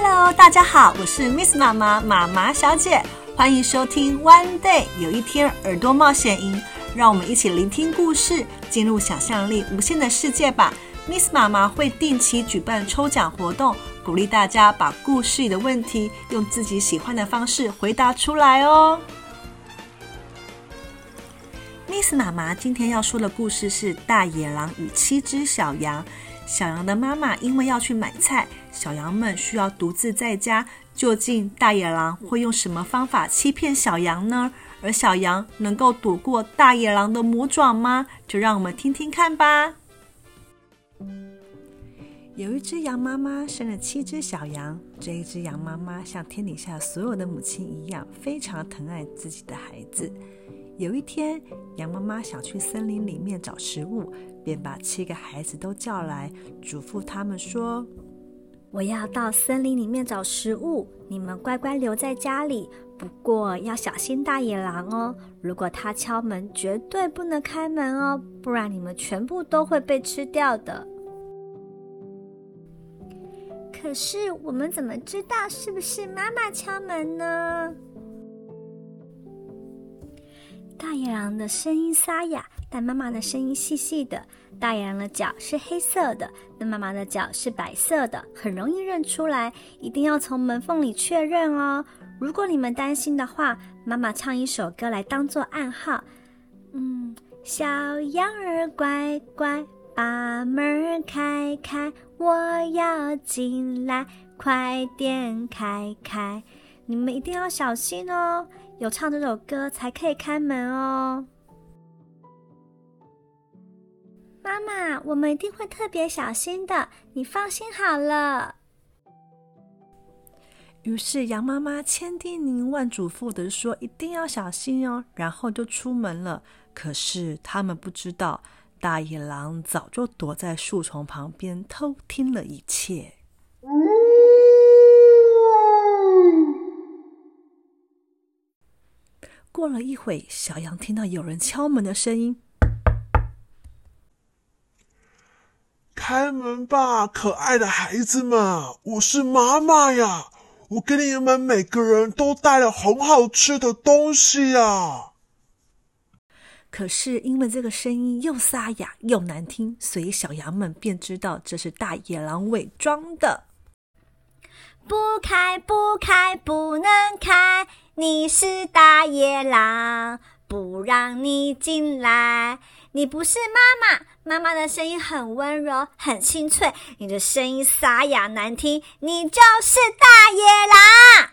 Hello，大家好，我是 Miss 媽媽，媽媽小姐，歡迎收聽《One Day 有一天耳朵冒險營》，讓我們一起聆聽故事，進入想象力無限的世界吧。Miss 媽媽會定期舉辦抽獎活動，鼓勵大家把故事裡的問題用自己喜歡的方式回答出來哦。Miss 媽媽今天要說的故事是《大野狼與七隻小羊》。小羊的媽媽因為要去買菜，小羊們需要獨自在家，究竟大野狼會用什麼方法欺騙小羊呢？而小羊能夠躲過大野狼的魔爪嗎？就讓我們聽聽看吧。有一只羊媽媽生了七只小羊，這一只羊媽媽像天底下所有的母親一樣，非常疼愛自己的孩子。有一天，羊媽媽想去森林裡面找食物，便把七個孩子都叫來，囑咐他們說，我要到森林裡面找食物，你們乖乖留在家裡。不過要小心大野狼哦！如果他敲門，絕對不能開門哦，不然你們全部都會被吃掉的。可是我們怎麼知道是不是媽媽敲門呢？大野狼的聲音沙啞。但媽媽的聲音細細的，大野狼的腳是黑色的，那媽媽的腳是白色的，很容易認出來。一定要從門縫裡確認哦。如果你們擔心的話，媽媽唱一首歌來當做暗號。嗯，小羊兒乖乖，把門兒開開，我要進來，快點開開。你們一定要小心哦，有唱這首歌才可以開門哦。媽媽，我們一定會特別小心的，你放心好了。於是，羊媽媽千叮嚀萬囑咐的說：“一定要小心哦。”然後就出門了。可是，他們不知道，大野狼早就躲在樹叢旁邊偷聽了一切。嗯。過了一會，小羊聽到有人敲門的聲音。開門吧，可愛的孩子們，我是媽媽呀！我給你們每個人都帶了很好吃的東西呀。可是因為這個聲音又沙啞又難聽，所以小羊們便知道這是大野狼偽裝的。不開，不開，不能開！你是大野狼，不讓你進來。你不是媽媽，媽媽的聲音很溫柔，很清脆，你的聲音沙啞難聽，你就是大野狼。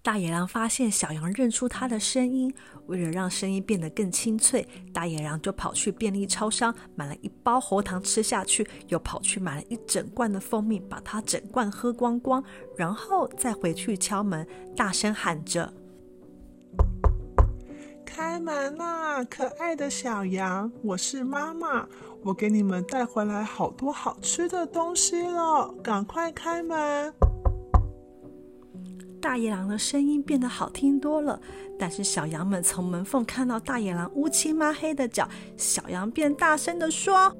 大野狼發現小羊認出他的聲音，為了讓聲音變得更清脆，大野狼就跑去便利超商買了一包喉糖吃下去，又跑去買了一整罐的蜂蜜，把它整罐喝光光，然後再回去敲門，大聲喊着。開門吶，可愛的小羊，我是媽媽，我給你們帶回來好多好吃的東西了，趕快開門！大野狼的聲音變得好聽多了，但是小羊們從門縫看到大野狼烏漆嘛黑的腳，小羊便大聲的說：“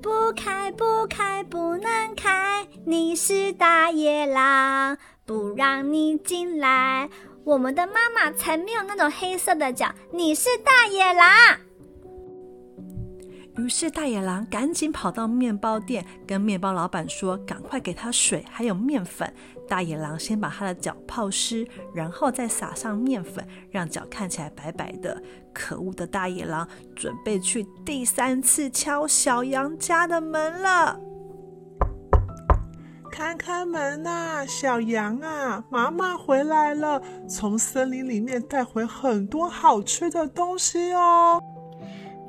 不開，不開，不能開，你是大野狼，不讓你進來。”我們的媽媽才沒有那種黑色的腳，你是大野狼。於是大野狼趕緊跑到麵包店，跟麵包老闆說：“趕快給他水，還有麵粉。”大野狼先把他的腳泡濕，然後再撒上麵粉，讓腳看起來白白的。可惡的大野狼準備去第三次敲小羊家的門了。開開門吶、啊，小羊啊，媽媽回來了，從森林裡面帶回很多好吃的東西哦。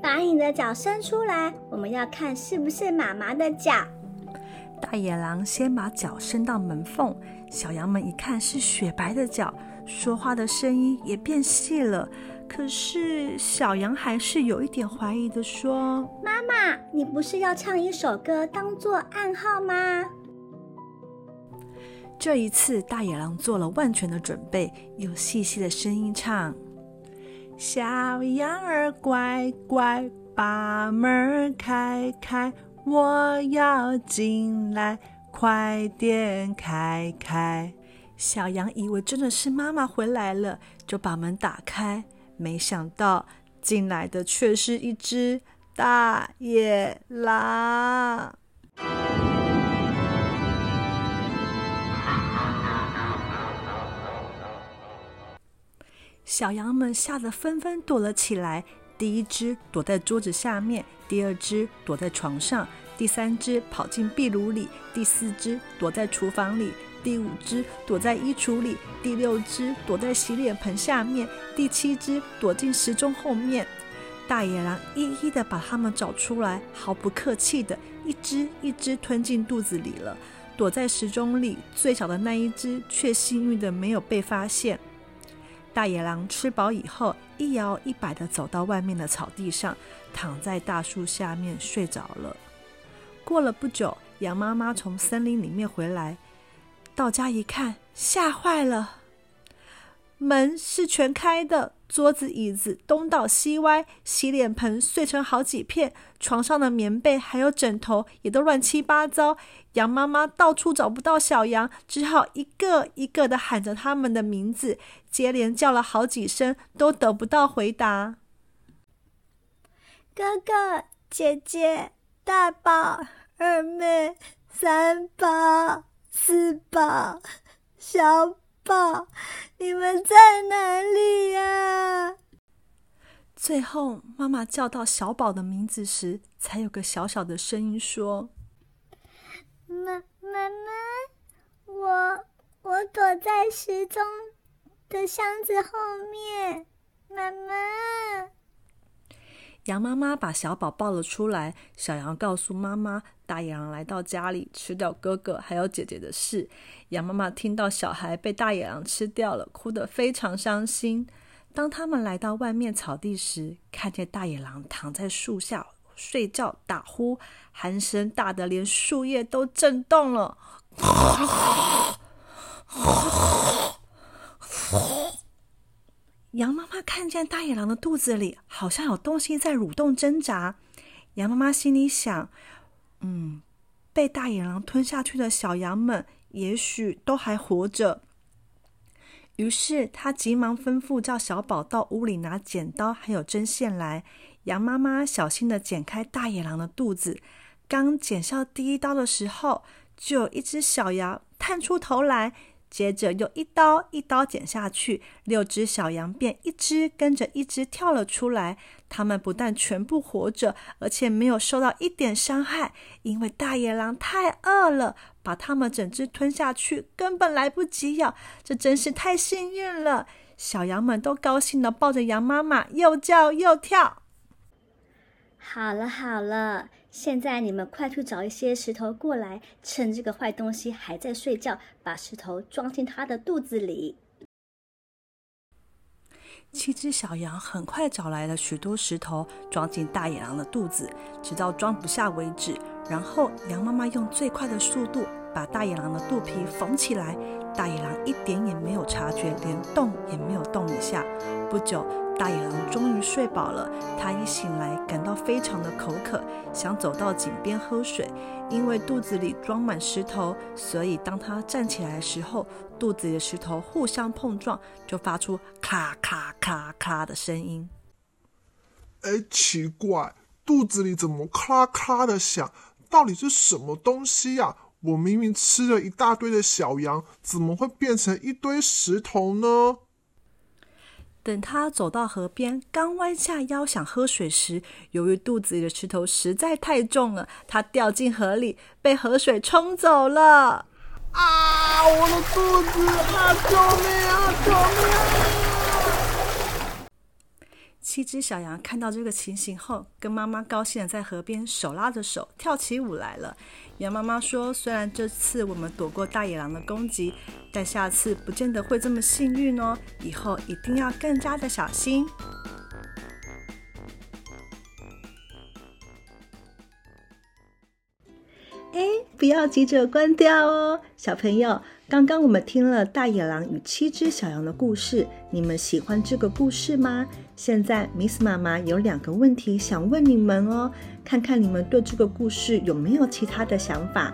把你的腳伸出來，我們要看是不是媽媽的腳。大野狼先把腳伸到門縫，小羊們一看是雪白的腳，說話的聲音也變細了。可是小羊還是有一點懷疑的說：“媽媽，你不是要唱一首歌當做暗號嗎？”這一次，大野狼做了萬全的準備，用細細的聲音唱：“小羊兒乖乖，把門兒開開，我要進來，快點開開。”小羊以為真的是媽媽回來了，就把門打開，沒想到進來的卻是一隻大野狼。小羊們嚇得紛紛躲了起來。第一隻躲在桌子下面，第二隻躲在床上，第三隻跑進壁爐裡，第四隻躲在廚房裡，第五隻躲在衣櫥裡，第六隻躲在洗臉盆下面，第七隻躲進時鐘後面。大野狼一一的把它們找出來，毫不客氣的一隻一隻吞進肚子裡了。躲在時鐘裡最小的那一隻卻幸運的沒有被發現。大野狼吃飽以後，一搖一擺地走到外面的草地上，躺在大樹下面睡着了。過了不久，羊媽媽從森林裡面回來，到家一看，嚇壞了。門是全開的，桌子、椅子東倒西歪，洗臉盆碎成好幾片，床上的棉被還有枕頭也都亂七八糟。羊媽媽到處找不到小羊，只好一個一個的喊着他們的名字，接連叫了好幾聲，都得不到回答。哥哥、姐姐、大寶、二妹、三寶、四寶、小寶。寶，你們在哪裡呀？啊？最後，媽媽叫到小寶的名字時，才有個小小的聲音說：“媽，媽媽，我我躲在時鐘的箱子後面，媽媽。”羊媽媽把小寶抱了出來。小羊告訴媽媽，大野狼來到家裡吃掉哥哥還有姐姐的事。羊媽媽聽到小孩被大野狼吃掉了，哭得非常傷心。當他們來到外面草地時，看見大野狼躺在樹下睡覺打呼，鼾聲大得連樹葉都震動了。 羊媽媽看見大野狼的肚子裡好像有東西在蠕動掙扎，羊媽媽心裡想：“嗯，被大野狼吞下去的小羊們也許都還活着。”於是她急忙吩咐叫小寶到屋裡拿剪刀還有針線來。羊媽媽小心的剪開大野狼的肚子，剛剪下第一刀的時候，就有一隻小羊探出頭來。接着，又一刀一刀剪下去，六隻小羊便一隻跟着一隻跳了出來。它們不但全部活着，而且沒有受到一點傷害，因為大野狼太餓了，把它們整隻吞下去，根本來不及咬。這真是太幸運了！小羊們都高興地抱着羊媽媽，又叫又跳。好了，好了。現在你們快去找一些石頭過來，趁這個壞東西還在睡覺，把石頭裝進它的肚子裡。七只小羊很快找來了許多石頭，裝進大野狼的肚子，直到裝不下為止。然後羊媽媽用最快的速度把大野狼的肚皮縫起來。大野狼一點也沒有察覺，連動也沒有動一下。不久。大野狼終於睡飽了，他一醒來感到非常的口渴，想走到井邊喝水。因為肚子裡裝滿石頭，所以當他站起來的時候，肚子裡的石頭互相碰撞，就發出咔咔咔咔咔的聲音。哎，奇怪，肚子裡怎麼咔咔的響？到底是什麼東西呀？啊？我明明吃了一大堆的小羊，怎麼會變成一堆石頭呢？等他走到河邊，剛彎下腰想喝水時，由於肚子裡的石頭實在太重了，他掉進河裡，被河水沖走了。啊，我的肚子啊！救命啊！救命啊！一隻小羊看到這個情形後，跟媽媽高興的在河邊手拉着手跳起舞來了。羊媽媽說：“雖然這次我們躲過大野狼的攻擊，但下次不見得會這麼幸運哦。以後一定要更加的小心。”欸，哎，不要急着關掉哦，小朋友。剛剛我們聽了大野狼與七隻小羊的故事，你們喜歡這個故事嗎？現在，Ms.Mama 有兩個問題想問你們哦，看看你們對這個故事有沒有其他的想法。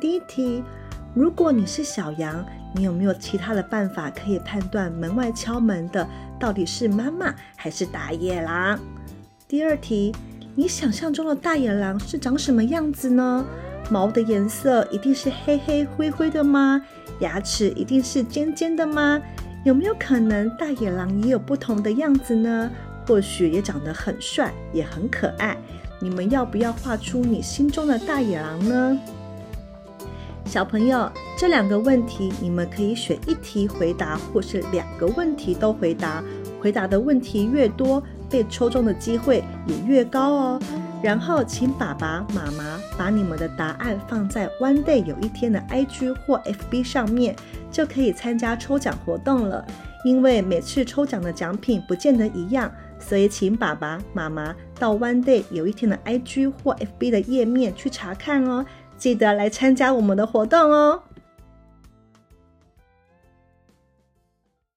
第一題，如果你是小羊，你有沒有其他的辦法可以判斷門外敲門的到底是媽媽還是大野狼？第二題，你想象中的大野狼是長什麼樣子呢？毛的顏色一定是黑黑灰灰的嗎？牙齒一定是尖尖的嗎？有沒有可能大野狼也有不同的樣子呢？或許也長得很帥，也很可愛。你們要不要畫出你心中的大野狼呢？小朋友，這兩個問題你們可以選一題回答，或是兩個問題都回答。回答的問題越多，被抽中的機會也越高哦。然後，請爸爸、媽媽把你們的答案放在 One Day 有一天的 IG 或 FB 上面，就可以參加抽獎活動了。因為每次抽獎的獎品不見得一樣，所以請爸爸、媽媽到 One Day 有一天的 IG 或 FB 的頁面去查看哦。記得來參加我們的活動哦。